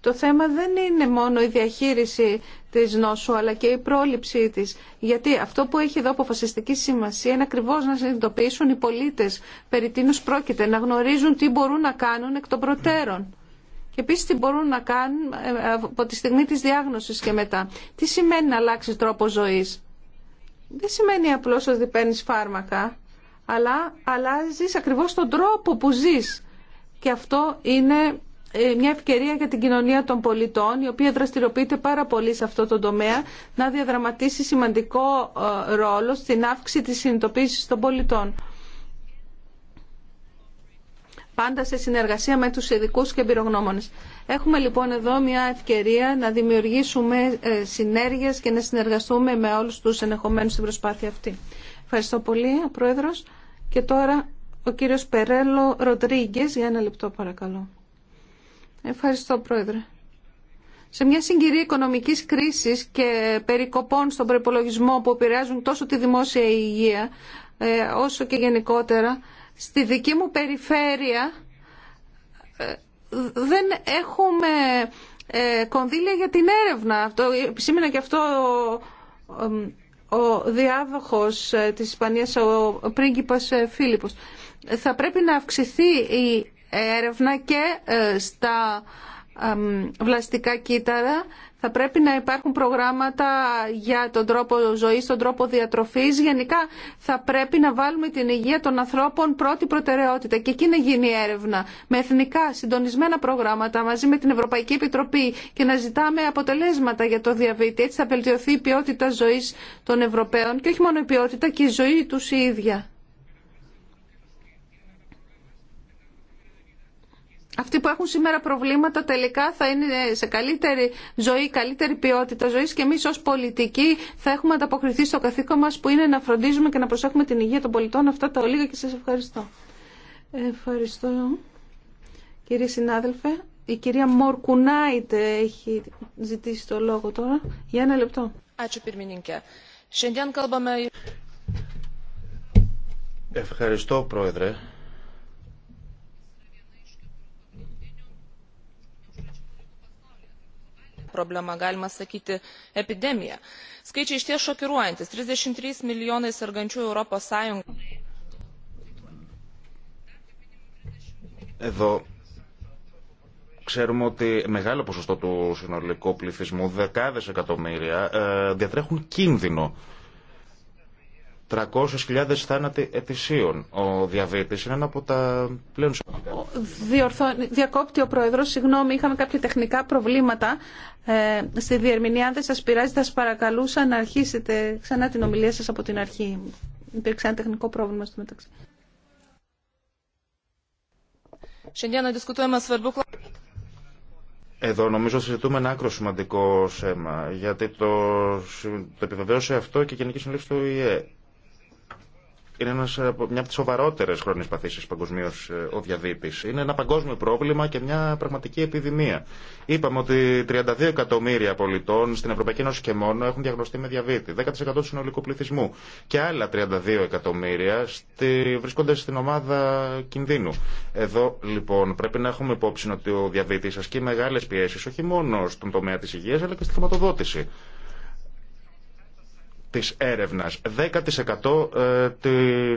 Το θέμα δεν είναι μόνο η διαχείριση της νόσου αλλά και η πρόληψή της. Γιατί αυτό που έχει εδώ αποφασιστική σημασία είναι ακριβώς να συνειδητοποιήσουν οι πολίτες περί τίνους πρόκειται, να γνωρίζουν τι μπορούν να κάνουν εκ των προτέρων. Και επίση τι μπορούν να κάνουν ε, από τη στιγμή τη διάγνωση και μετά. Τι σημαίνει να αλλάξει τρόπο ζωή. Δεν σημαίνει απλώ ότι παίρνει φάρμακα, αλλά αλλάζει ακριβώ τον τρόπο που ζει. Και αυτό είναι ε, μια ευκαιρία για την κοινωνία των πολιτών, η οποία δραστηριοποιείται πάρα πολύ σε αυτό το τομέα, να διαδραματίσει σημαντικό ε, ρόλο στην αύξηση της συνειδητοποίησης των πολιτών πάντα σε συνεργασία με τους ειδικού και εμπειρογνώμονες. Έχουμε λοιπόν εδώ μια ευκαιρία να δημιουργήσουμε ε, συνέργειες και να συνεργαστούμε με όλους τους ενεχομένους στην προσπάθεια αυτή. Ευχαριστώ πολύ, Πρόεδρος. Και τώρα ο κύριος Περέλο Ροντρίγκε για ένα λεπτό παρακαλώ. Ευχαριστώ, Πρόεδρε. Σε μια συγκυρία οικονομική κρίση και περικοπών στον προπολογισμό που επηρεάζουν τόσο τη δημόσια υγεία ε, όσο και γενικότερα, Στη δική μου περιφέρεια ε, δεν έχουμε ε, κονδύλια για την έρευνα. Σήμερα και αυτό ο, ο διάδοχος ε, της Ισπανίας, ο πρίγκιπας Φίλιππος. Θα πρέπει να αυξηθεί η έρευνα και στα βλαστικά κύτταρα θα πρέπει να υπάρχουν προγράμματα για τον τρόπο ζωής, τον τρόπο διατροφής. Γενικά θα πρέπει να βάλουμε την υγεία των ανθρώπων πρώτη προτεραιότητα και εκεί να γίνει έρευνα με εθνικά συντονισμένα προγράμματα μαζί με την Ευρωπαϊκή Επιτροπή και να ζητάμε αποτελέσματα για το διαβήτη. Έτσι θα βελτιωθεί η ποιότητα ζωής των Ευρωπαίων και όχι μόνο η ποιότητα και η ζωή τους η ίδια. Αυτοί που έχουν σήμερα προβλήματα τελικά θα είναι σε καλύτερη ζωή, καλύτερη ποιότητα ζωή και εμεί ω πολιτικοί θα έχουμε ανταποκριθεί στο καθήκον μα που είναι να φροντίζουμε και να προσέχουμε την υγεία των πολιτών. Αυτά τα ολίγα και σα ευχαριστώ. Ευχαριστώ. Κύριε συνάδελφε, η κυρία Μορκουνάιτε έχει ζητήσει το λόγο τώρα. Για ένα λεπτό. Ευχαριστώ, Πρόεδρε. problema galima sakyti epidemija. skaičiai iš ties šokiruojantis 33 milijonai sergančių europos Sąjungos. Εδώ ξέρουμε ότι μεγάλο ποσοστό του συνολικού πληθυσμού, δεκάδες εκατομμύρια, διατρέχουν κίνδυνο 300.000 θάνατοι ετησίων. Ο διαβήτη είναι ένα από τα πλέον Διορθώ, Διακόπτει ο Προεδρό. Συγγνώμη, είχαμε κάποια τεχνικά προβλήματα ε, στη διερμηνία. Αν δεν σα πειράζει, θα σα παρακαλούσα να αρχίσετε ξανά την ομιλία σα από την αρχή. Υπήρξε ένα τεχνικό πρόβλημα στο μεταξύ. Εδώ νομίζω συζητούμε ένα άκρο σημαντικό θέμα, γιατί το, το επιβεβαίωσε αυτό και η Γενική Συνέλευση του ΙΕ. Είναι ε, μια από τι σοβαρότερε χρόνιε παθήσει παγκοσμίω ε, ο διαδίπη. Είναι ένα παγκόσμιο πρόβλημα και μια πραγματική επιδημία. Είπαμε ότι 32 εκατομμύρια πολιτών στην Ευρωπαϊκή Ένωση και μόνο έχουν διαγνωστεί με διαβήτη. 10% του συνολικού πληθυσμού. Και άλλα 32 εκατομμύρια στη, βρίσκονται στην ομάδα κινδύνου. Εδώ λοιπόν πρέπει να έχουμε υπόψη ότι ο διαβήτη ασκεί μεγάλε πιέσει όχι μόνο στον τομέα τη υγεία αλλά και στη χρηματοδότηση της έρευνας, 10% ε,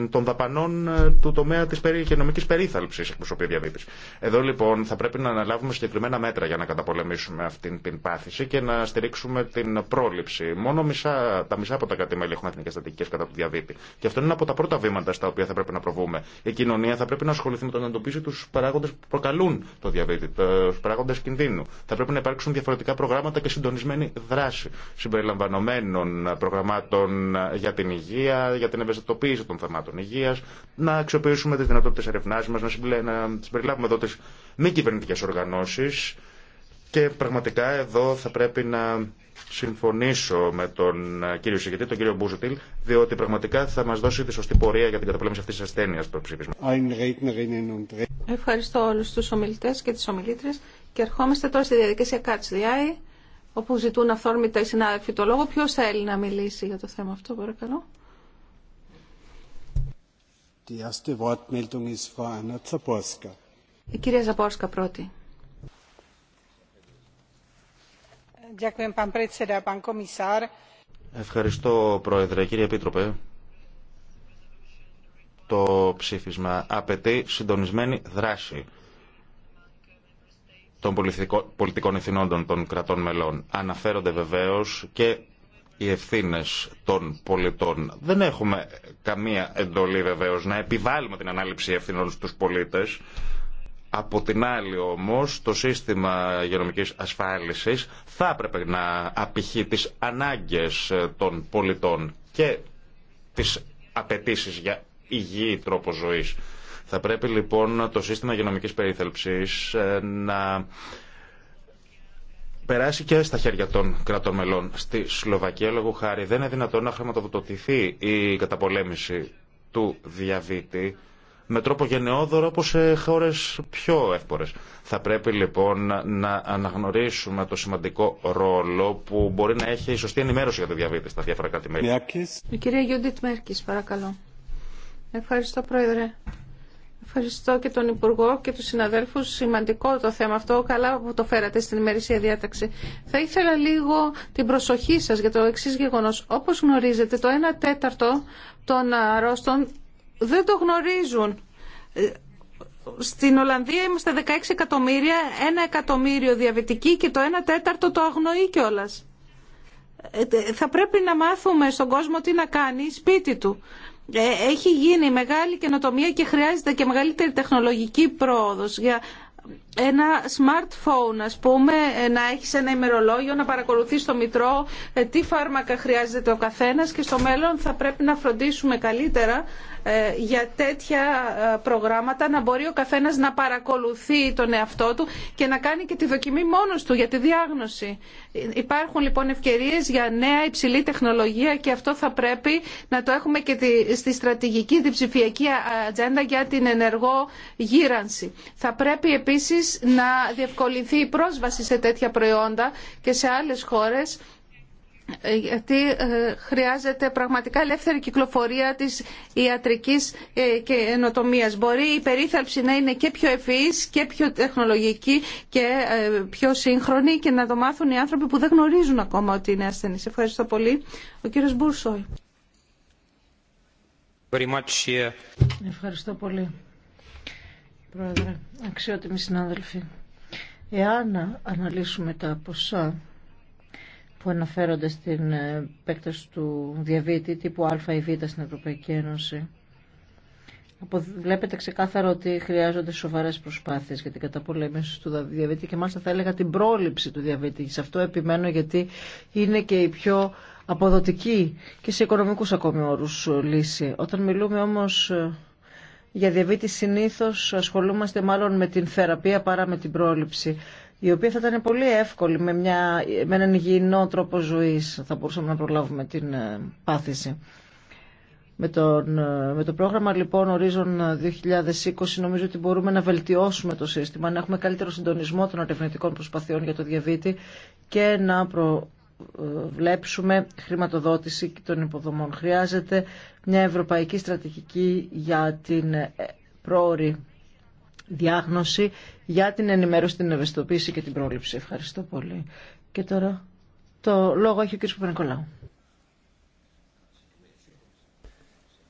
των δαπανών ε, του τομέα της οικονομικής περίθαλψης εκπροσωπεί διαβήτης. Εδώ λοιπόν θα πρέπει να αναλάβουμε συγκεκριμένα μέτρα για να καταπολεμήσουμε αυτή την πάθηση και να στηρίξουμε την πρόληψη. Μόνο μισά, τα μισά από τα κατημέλη έχουν εθνικές στατικές κατά του διαβήτη. Και αυτό είναι από τα πρώτα βήματα στα οποία θα πρέπει να προβούμε. Η κοινωνία θα πρέπει να ασχοληθεί με το να εντοπίσει τους παράγοντες που προκαλούν το διαβήτη, τους παράγοντες κινδύνου. Θα πρέπει να υπάρξουν διαφορετικά προγράμματα και συντονισμένη δράση συμπεριλαμβανομένων προγραμμάτων για την υγεία, για την ευαισθητοποίηση των θεμάτων υγεία, να αξιοποιήσουμε τι δυνατότητε ερευνά μα, να συμπεριλάβουμε εδώ τι μη κυβερνητικέ οργανώσει. Και πραγματικά εδώ θα πρέπει να συμφωνήσω με τον ε, κύριο Συγητή, τον κύριο Μπούζουτιλ, διότι πραγματικά θα μα δώσει τη σωστή πορεία για την καταπολέμηση αυτή τη ασθένεια στο ψήφισμα. Ευχαριστώ όλου του ομιλητέ και τι ομιλήτρε και ερχόμαστε τώρα στη διαδικασία Catch the Eye όπου ζητούν αυθόρμητα οι συνάδελφοι το λόγο. Ποιος θέλει να μιλήσει για το θέμα αυτό, παρακαλώ. Η κυρία Ζαπόρσκα πρώτη. Ευχαριστώ, Πρόεδρε. Κύριε Επίτροπε, το ψήφισμα απαιτεί συντονισμένη δράση των πολιτικών εθνών των κρατών μελών. Αναφέρονται βεβαίως και οι ευθύνε των πολιτών. Δεν έχουμε καμία εντολή βεβαίω να επιβάλλουμε την ανάληψη ευθυνών στους πολίτε. Από την άλλη όμως το σύστημα υγειονομικής ασφάλισης θα έπρεπε να απηχεί τις ανάγκες των πολιτών και τις απαιτήσει για υγιή τρόπο ζωής. Θα πρέπει λοιπόν το σύστημα υγειονομική περίθελψης ε, να περάσει και στα χέρια των κρατών μελών. Στη Σλοβακία, λόγω χάρη, δεν είναι δυνατόν να χρηματοδοτηθεί η καταπολέμηση του διαβήτη με τρόπο γενναιόδωρο όπως σε χώρες πιο εύπορες. Θα πρέπει λοιπόν να αναγνωρίσουμε το σημαντικό ρόλο που μπορεί να έχει η σωστή ενημέρωση για το διαβήτη στα διάφορα κράτη-μέλη. Η κυρία Γιούντιτ Μέρκης, παρακαλώ. Ευχαριστώ, Πρόεδρε. Ευχαριστώ και τον Υπουργό και τους συναδέλφους. Σημαντικό το θέμα αυτό. Καλά που το φέρατε στην ημερήσια διάταξη. Θα ήθελα λίγο την προσοχή σας για το εξή γεγονός. Όπως γνωρίζετε, το 1 τέταρτο των αρρώστων δεν το γνωρίζουν. Στην Ολλανδία είμαστε 16 εκατομμύρια, 1 εκατομμύριο διαβητικοί και το 1 τέταρτο το αγνοεί κιόλα. Ε, θα πρέπει να μάθουμε στον κόσμο τι να κάνει σπίτι του. Ε, έχει γίνει μεγάλη καινοτομία και χρειάζεται και μεγαλύτερη τεχνολογική πρόοδος για ένα smartphone, ας πούμε, να έχει ένα ημερολόγιο, να παρακολουθεί στο μητρό, ε, τι φάρμακα χρειάζεται ο καθένας και στο μέλλον θα πρέπει να φροντίσουμε καλύτερα ε, για τέτοια ε, προγράμματα, να μπορεί ο καθένας να παρακολουθεί τον εαυτό του και να κάνει και τη δοκιμή μόνος του για τη διάγνωση. Υπάρχουν λοιπόν ευκαιρίες για νέα υψηλή τεχνολογία και αυτό θα πρέπει να το έχουμε και στη στρατηγική, τη ψηφιακή ατζέντα για την ενεργό γύρανση. Θα πρέπει επίσης να διευκολυνθεί η πρόσβαση σε τέτοια προϊόντα και σε άλλες χώρες γιατί ε, χρειάζεται πραγματικά ελεύθερη κυκλοφορία της ιατρικής ε, και ενοτομίας. Μπορεί η περίθαλψη να είναι και πιο ευφυής και πιο τεχνολογική και ε, πιο σύγχρονη και να το μάθουν οι άνθρωποι που δεν γνωρίζουν ακόμα ότι είναι ασθενείς. Ευχαριστώ πολύ. Ο κύριος Μπούρσολ. Ευχαριστώ πολύ. Πρόεδρε, αξιότιμοι συνάδελφοι, εάν αναλύσουμε τα ποσά που αναφέρονται στην ε, επέκταση του διαβήτη τύπου Α ή Β στην Ευρωπαϊκή Ένωση, βλέπετε ξεκάθαρα ότι χρειάζονται σοβαρές προσπάθειες για την καταπολέμηση του διαβήτη και μάλιστα θα έλεγα την πρόληψη του διαβήτη. Σε αυτό επιμένω γιατί είναι και η πιο αποδοτική και σε οικονομικούς ακόμη όρους ε, λύση. Όταν μιλούμε όμως ε, για διαβήτη συνήθως ασχολούμαστε μάλλον με την θεραπεία παρά με την πρόληψη η οποία θα ήταν πολύ εύκολη με, μια, με έναν υγιεινό τρόπο ζωής θα μπορούσαμε να προλάβουμε την ε, πάθηση. Με, τον, ε, με το πρόγραμμα λοιπόν Ορίζον 2020 νομίζω ότι μπορούμε να βελτιώσουμε το σύστημα, να έχουμε καλύτερο συντονισμό των ερευνητικών προσπαθειών για το διαβήτη και να προ, βλέψουμε χρηματοδότηση των υποδομών. Χρειάζεται μια ευρωπαϊκή στρατηγική για την πρόορη διάγνωση, για την ενημέρωση, την ευαισθητοποίηση και την πρόληψη. Ευχαριστώ πολύ. Και τώρα το λόγο έχει ο κ. παπα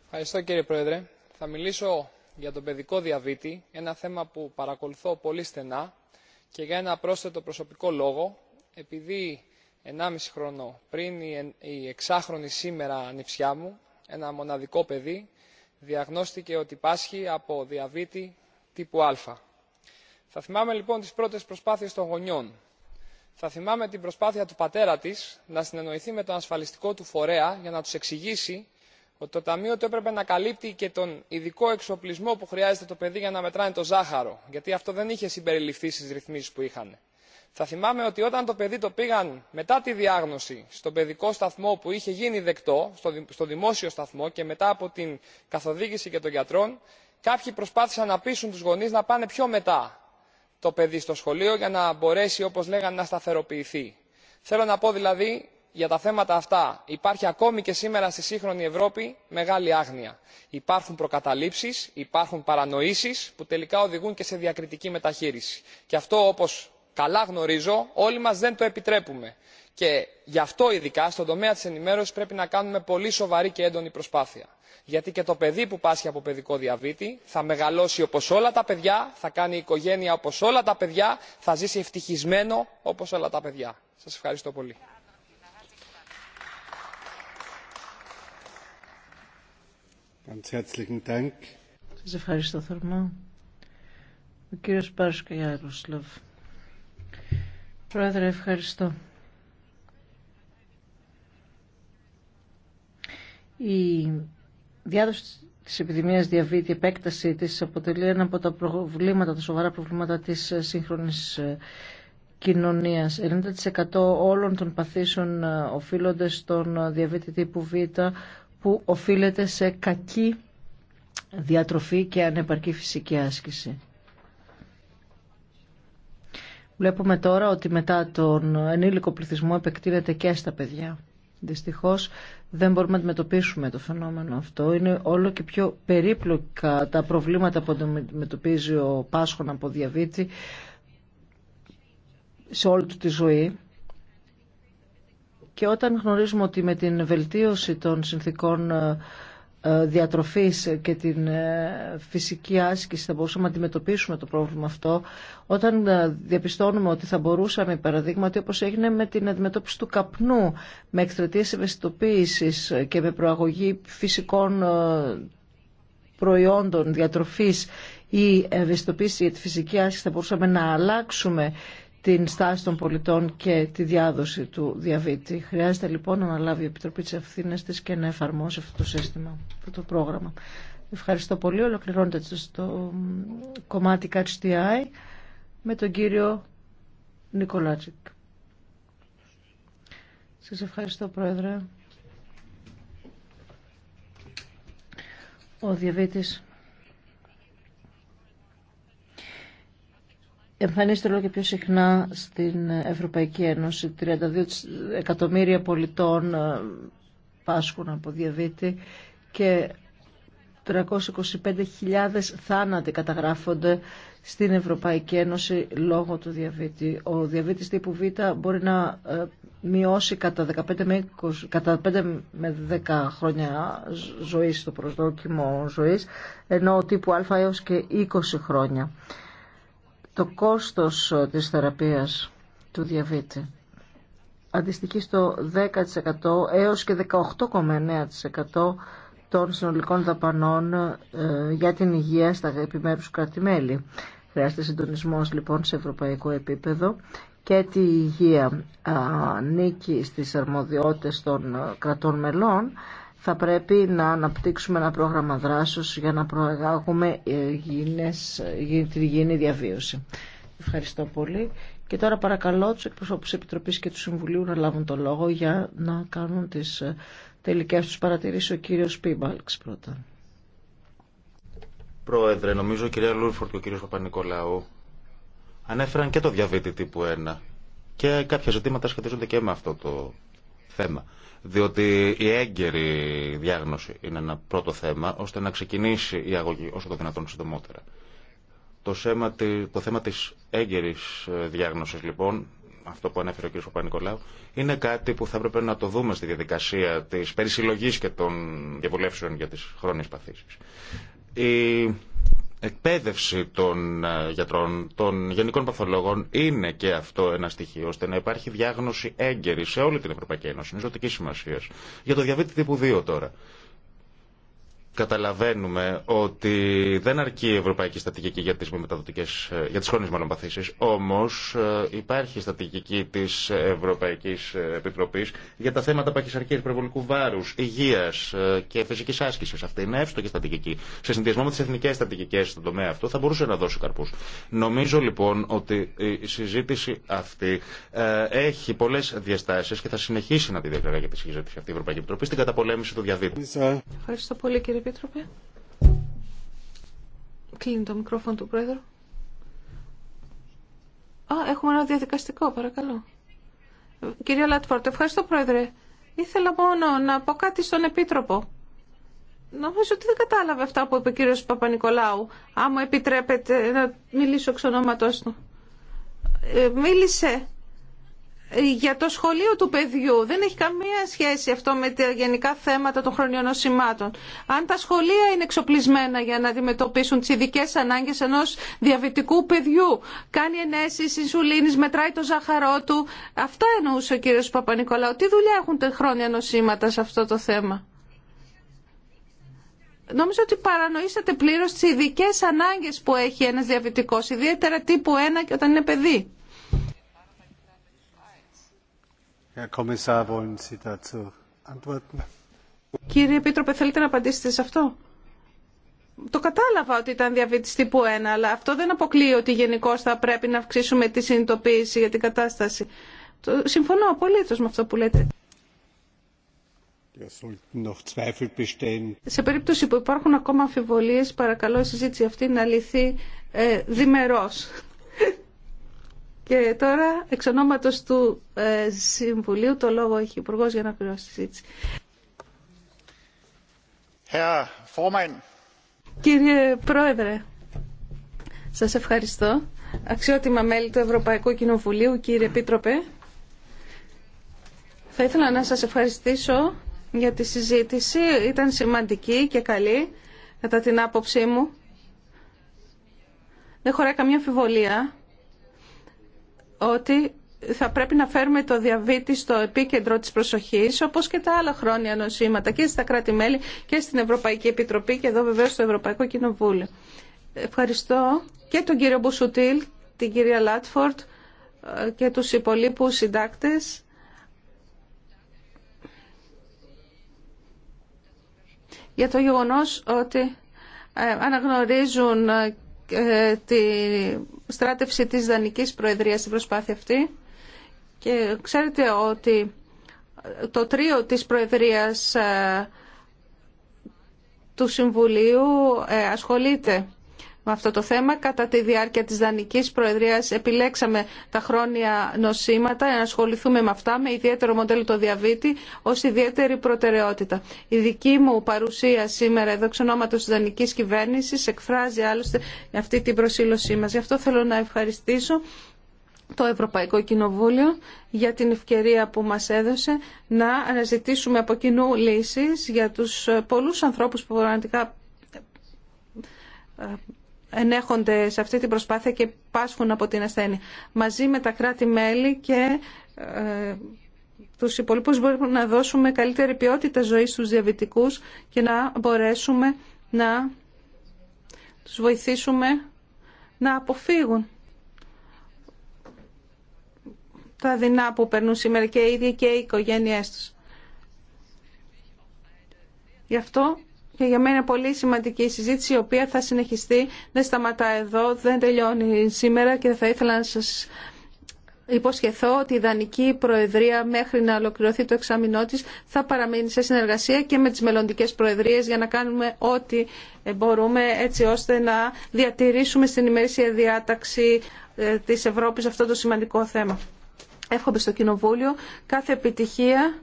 Ευχαριστώ κύριε Πρόεδρε. Θα μιλήσω για τον παιδικό διαβήτη, ένα θέμα που παρακολουθώ πολύ στενά και για ένα πρόσθετο προσωπικό λόγο, επειδή ενάμιση χρόνο πριν η εξάχρονη σήμερα νηψιά μου ένα μοναδικό παιδί διαγνώστηκε ότι πάσχει από διαβήτη τύπου α. θα θυμάμαι λοιπόν τις πρώτες προσπάθειες των γονιών θα θυμάμαι την προσπάθεια του πατέρα της να συνεννοηθεί με τον ασφαλιστικό του φορέα για να τους εξηγήσει ότι το ταμείο του έπρεπε να καλύπτει και τον ειδικό εξοπλισμό που χρειάζεται το παιδί για να μετράνε το ζάχαρο γιατί αυτό δεν είχε συμπεριληφθεί στις ρυθμίσεις που είχαν θα θυμάμαι ότι όταν το παιδί το πήγαν μετά τη διάγνωση στον παιδικό σταθμό που είχε γίνει δεκτό στο δημόσιο σταθμό και μετά από την καθοδήγηση και των γιατρών κάποιοι προσπάθησαν να πείσουν τους γονείς να πάνε πιο μετά το παιδί στο σχολείο για να μπορέσει όπως λέγανε να σταθεροποιηθεί. θέλω να πω δηλαδή για τα θέματα αυτά υπάρχει ακόμη και σήμερα στη σύγχρονη ευρώπη μεγάλη άγνοια. υπάρχουν προκαταλήψεις υπάρχουν παρανοήσεις που τελικά οδηγούν και σε διακριτική μεταχείριση και αυτό όπως καλά γνωρίζω όλοι μας δεν το επιτρέπουμε και γι' αυτό ειδικά στον τομέα της ενημέρωσης πρέπει να κάνουμε πολύ σοβαρή και έντονη προσπάθεια γιατί και το παιδί που πάσχει από παιδικό διαβήτη θα μεγαλώσει όπως όλα τα παιδιά θα κάνει οικογένεια όπως όλα τα παιδιά θα ζήσει ευτυχισμένο όπως όλα τα παιδιά. σας ευχαριστώ πολύ. Πρόεδρε, ευχαριστώ. Η διάδοση της επιδημίας διαβήτη, η επέκταση της αποτελεί ένα από τα προβλήματα, τα σοβαρά προβλήματα της σύγχρονης ε, κοινωνίας. 90% όλων των παθήσεων ε, οφείλονται στον ε, διαβήτη τύπου Β που οφείλεται σε κακή διατροφή και ανεπαρκή φυσική άσκηση. Βλέπουμε τώρα ότι μετά τον ενήλικο πληθυσμό επεκτείνεται και στα παιδιά. Δυστυχώ δεν μπορούμε να αντιμετωπίσουμε το φαινόμενο αυτό. Είναι όλο και πιο περίπλοκα τα προβλήματα που αντιμετωπίζει ο Πάσχων από διαβήτη σε όλη του τη ζωή. Και όταν γνωρίζουμε ότι με την βελτίωση των συνθήκων ε, ε, διατροφής και την ε, φυσική άσκηση θα μπορούσαμε να αντιμετωπίσουμε το πρόβλημα αυτό όταν ε, διαπιστώνουμε ότι θα μπορούσαμε παραδείγματι όπως έγινε με την αντιμετώπιση του καπνού με εκστρατείες ευαισθητοποίησης και με προαγωγή φυσικών προϊόντων διατροφής ή ευαισθητοποίηση για τη φυσική άσκηση θα μπορούσαμε να αλλάξουμε την στάση των πολιτών και τη διάδοση του διαβήτη. Χρειάζεται λοιπόν να αναλάβει η Επιτροπή της Ευθύνες της και να εφαρμόσει αυτό το σύστημα, αυτό το πρόγραμμα. Ευχαριστώ πολύ. Ολοκληρώνεται στο κομμάτι ΚΑΤΣΤΙΑΙ με τον κύριο Νικολάτσικ. Σας ευχαριστώ Πρόεδρε. Ο διαβήτης εμφανίζεται όλο και πιο συχνά στην Ευρωπαϊκή Ένωση. 32 εκατομμύρια πολιτών ε, πάσχουν από διαβήτη και 325.000 θάνατοι καταγράφονται στην Ευρωπαϊκή Ένωση λόγω του διαβήτη. Ο διαβήτης τύπου Β μπορεί να ε, μειώσει κατά 15 με, 20, κατά 5 με 10 χρόνια ζωής, το προσδόκιμο ζωής, ενώ ο τύπου Α έως και 20 χρόνια το κόστος ε, της θεραπείας του διαβήτη αντιστοιχεί στο 10% έως και 18,9% των συνολικών δαπανών ε, για την υγεία στα επιμέρους κράτη-μέλη. Χρειάζεται συντονισμός λοιπόν σε ευρωπαϊκό επίπεδο και τη υγεία νίκη στις αρμοδιότητες των ε, κρατών μελών θα πρέπει να αναπτύξουμε ένα πρόγραμμα δράσεως για να προεγάγουμε ε, την υγιεινή διαβίωση. Ευχαριστώ πολύ. Και τώρα παρακαλώ τους εκπροσώπους της Επιτροπής και του Συμβουλίου να λάβουν το λόγο για να κάνουν τις ε, τελικές τους παρατηρήσεις ο κύριος Πίμπαλξ πρώτα. Πρόεδρε, νομίζω η κυρία Λούρφορτ και ο κύριος Παπα-Νικολαού ανέφεραν και το διαβήτη τύπου 1 και κάποια ζητήματα σχετίζονται και με αυτό το θέμα. Διότι η έγκαιρη διάγνωση είναι ένα πρώτο θέμα, ώστε να ξεκινήσει η αγωγή όσο το δυνατόν συντομότερα. Το, το θέμα της έγκαιρης ε, διάγνωσης, λοιπόν, αυτό που ανέφερε ο κ. Παπα-Νικολάου, είναι κάτι που θα έπρεπε να το δούμε στη διαδικασία της περισυλλογής και των διαβουλεύσεων για τις χρόνιες παθήσεις εκπαίδευση των ε, γιατρών, των γενικών παθολόγων είναι και αυτό ένα στοιχείο, ώστε να υπάρχει διάγνωση έγκαιρη σε όλη την Ευρωπαϊκή Ένωση. Είναι ζωτική σημασία. Για το διαβίτη τύπου 2 τώρα. Καταλαβαίνουμε ότι δεν αρκεί η ευρωπαϊκή στατικική για τις, για τις χρόνιες μονοπαθήσεις όμως ε, υπάρχει η στατικική της Ευρωπαϊκής ε, Επιτροπής για τα θέματα παχυσαρκίας προβολικού βάρους, υγείας ε, και φυσικής άσκησης. Αυτή είναι εύστοχη στατικική. Σε συνδυασμό με τις εθνικές στατικικές στον τομέα αυτό θα μπορούσε να δώσει καρπούς. Νομίζω λοιπόν ότι η συζήτηση αυτή έχει πολλές διαστάσεις και θα συνεχίσει να τη για τη συζήτηση αυτή η Ευρωπαϊκή Επιτροπή στην καταπολέμηση του διαδίκτυου. Ευχαριστώ πολύ κύριε Επίτροπε. Κλείνει το μικρόφωνο του Πρόεδρου. Α, έχουμε ένα διαδικαστικό, παρακαλώ. Κυρία Λατφόρτ, ευχαριστώ Πρόεδρε. Ήθελα μόνο να πω κάτι στον Επίτροπο. Νομίζω ότι δεν κατάλαβε αυτά που είπε ο κύριος Παπα-Νικολάου. Άμα επιτρέπετε να μιλήσω εξ ονόματός του. Ε, μίλησε για το σχολείο του παιδιού. Δεν έχει καμία σχέση αυτό με τα γενικά θέματα των χρονιών νοσημάτων. Αν τα σχολεία είναι εξοπλισμένα για να αντιμετωπίσουν τι ειδικέ ανάγκε ενό διαβητικού παιδιού, κάνει ενέσεις ισουλίνη, μετράει το ζάχαρό του. Αυτά εννοούσε ο κύριος Παπα-Νικολάου. Τι δουλειά έχουν τα χρόνια νοσήματα σε αυτό το θέμα. Νομίζω ότι παρανοήσατε πλήρω τι ειδικέ ανάγκε που έχει ένα διαβητικό, ιδιαίτερα τύπου 1 και όταν είναι παιδί. Κύριε Επίτροπε, θέλετε να απαντήσετε σε αυτό. Το κατάλαβα ότι ήταν διαβήτης τύπου 1, αλλά αυτό δεν αποκλείει ότι γενικώ θα πρέπει να αυξήσουμε τη συνειδητοποίηση για την κατάσταση. Συμφωνώ απολύτως με αυτό που λέτε. Σε περίπτωση που υπάρχουν ακόμα αμφιβολίες, παρακαλώ η συζήτηση αυτή να λυθεί ε, και τώρα, εξ ονόματος του ε, Συμβουλίου, το λόγο έχει ο Υπουργό για να πληρώσει τη συζήτηση. Κύριε Πρόεδρε, σας ευχαριστώ. Αξιότιμα μέλη του Ευρωπαϊκού Κοινοβουλίου, κύριε Επίτροπε, θα ήθελα να σας ευχαριστήσω για τη συζήτηση. Ήταν σημαντική και καλή, κατά την άποψή μου. Δεν χωράει καμία αμφιβολία ότι θα πρέπει να φέρουμε το διαβήτη στο επίκεντρο της προσοχής, όπως και τα άλλα χρόνια νοσήματα και στα κράτη-μέλη και στην Ευρωπαϊκή Επιτροπή και εδώ βεβαίως στο Ευρωπαϊκό Κοινοβούλιο. Ευχαριστώ και τον κύριο Μπουσουτήλ, την κυρία Λάτφορτ ε, και τους υπολείπους συντάκτες. για το γεγονός ότι ε, αναγνωρίζουν ε, τη στράτευση της Δανικής Προεδρίας στην προσπάθεια αυτή και ξέρετε ότι το τρίο της Προεδρίας ε, του Συμβουλίου ε, ασχολείται με αυτό το θέμα. Κατά τη διάρκεια της Δανικής Προεδρίας επιλέξαμε τα χρόνια νοσήματα, να ασχοληθούμε με αυτά, με ιδιαίτερο μοντέλο το διαβήτη, ως ιδιαίτερη προτεραιότητα. Η δική μου παρουσία σήμερα εδώ ξενόματος της Δανικής Κυβέρνησης εκφράζει άλλωστε αυτή την προσήλωσή μας. Γι' αυτό θέλω να ευχαριστήσω το Ευρωπαϊκό Κοινοβούλιο για την ευκαιρία που μας έδωσε να αναζητήσουμε από κοινού λύσεις για τους πολλούς ανθρώπους που πραγματικά ε, ενέχονται σε αυτή την προσπάθεια και πάσχουν από την ασθένεια. Μαζί με τα κράτη-μέλη και ε, τους υπολοιπούς μπορούμε να δώσουμε καλύτερη ποιότητα ζωής στους διαβητικούς και να μπορέσουμε να τους βοηθήσουμε να αποφύγουν τα δεινά που περνούν σήμερα και οι ίδιοι και οι οικογένειές τους. Γι' αυτό και για μένα είναι πολύ σημαντική η συζήτηση η οποία θα συνεχιστεί, δεν σταματά εδώ, δεν τελειώνει σήμερα και θα ήθελα να σας υποσχεθώ ότι η Δανική Προεδρία μέχρι να ολοκληρωθεί το εξάμεινό της θα παραμείνει σε συνεργασία και με τις μελλοντικές προεδρίες για να κάνουμε ό,τι μπορούμε έτσι ώστε να διατηρήσουμε στην ημερήσια διάταξη ε, της Ευρώπης αυτό το σημαντικό θέμα. Εύχομαι στο Κοινοβούλιο κάθε επιτυχία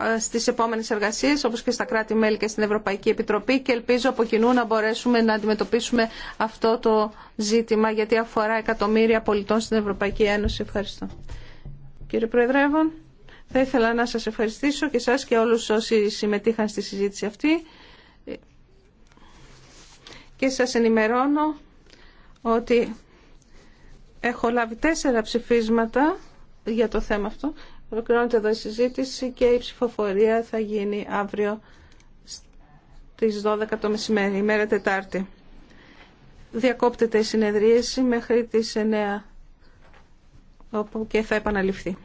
ε, στις επόμενες εργασίε, όπως και στα κράτη-μέλη και στην Ευρωπαϊκή Επιτροπή και ελπίζω από κοινού να μπορέσουμε να αντιμετωπίσουμε αυτό το ζήτημα γιατί αφορά εκατομμύρια πολιτών στην Ευρωπαϊκή Ένωση. Ευχαριστώ. Κύριε Προεδρεύον, θα ήθελα να σας ευχαριστήσω και σας και όλους όσοι συμμετείχαν στη συζήτηση αυτή και σα ενημερώνω ότι έχω λάβει τέσσερα ψηφίσματα για το θέμα αυτό Ολοκληρώνεται εδώ η συζήτηση και η ψηφοφορία θα γίνει αύριο στις 12 το μεσημέρι, ημέρα Τετάρτη. Διακόπτεται η συνεδρίαση μέχρι τις 9 όπου και θα επαναληφθεί.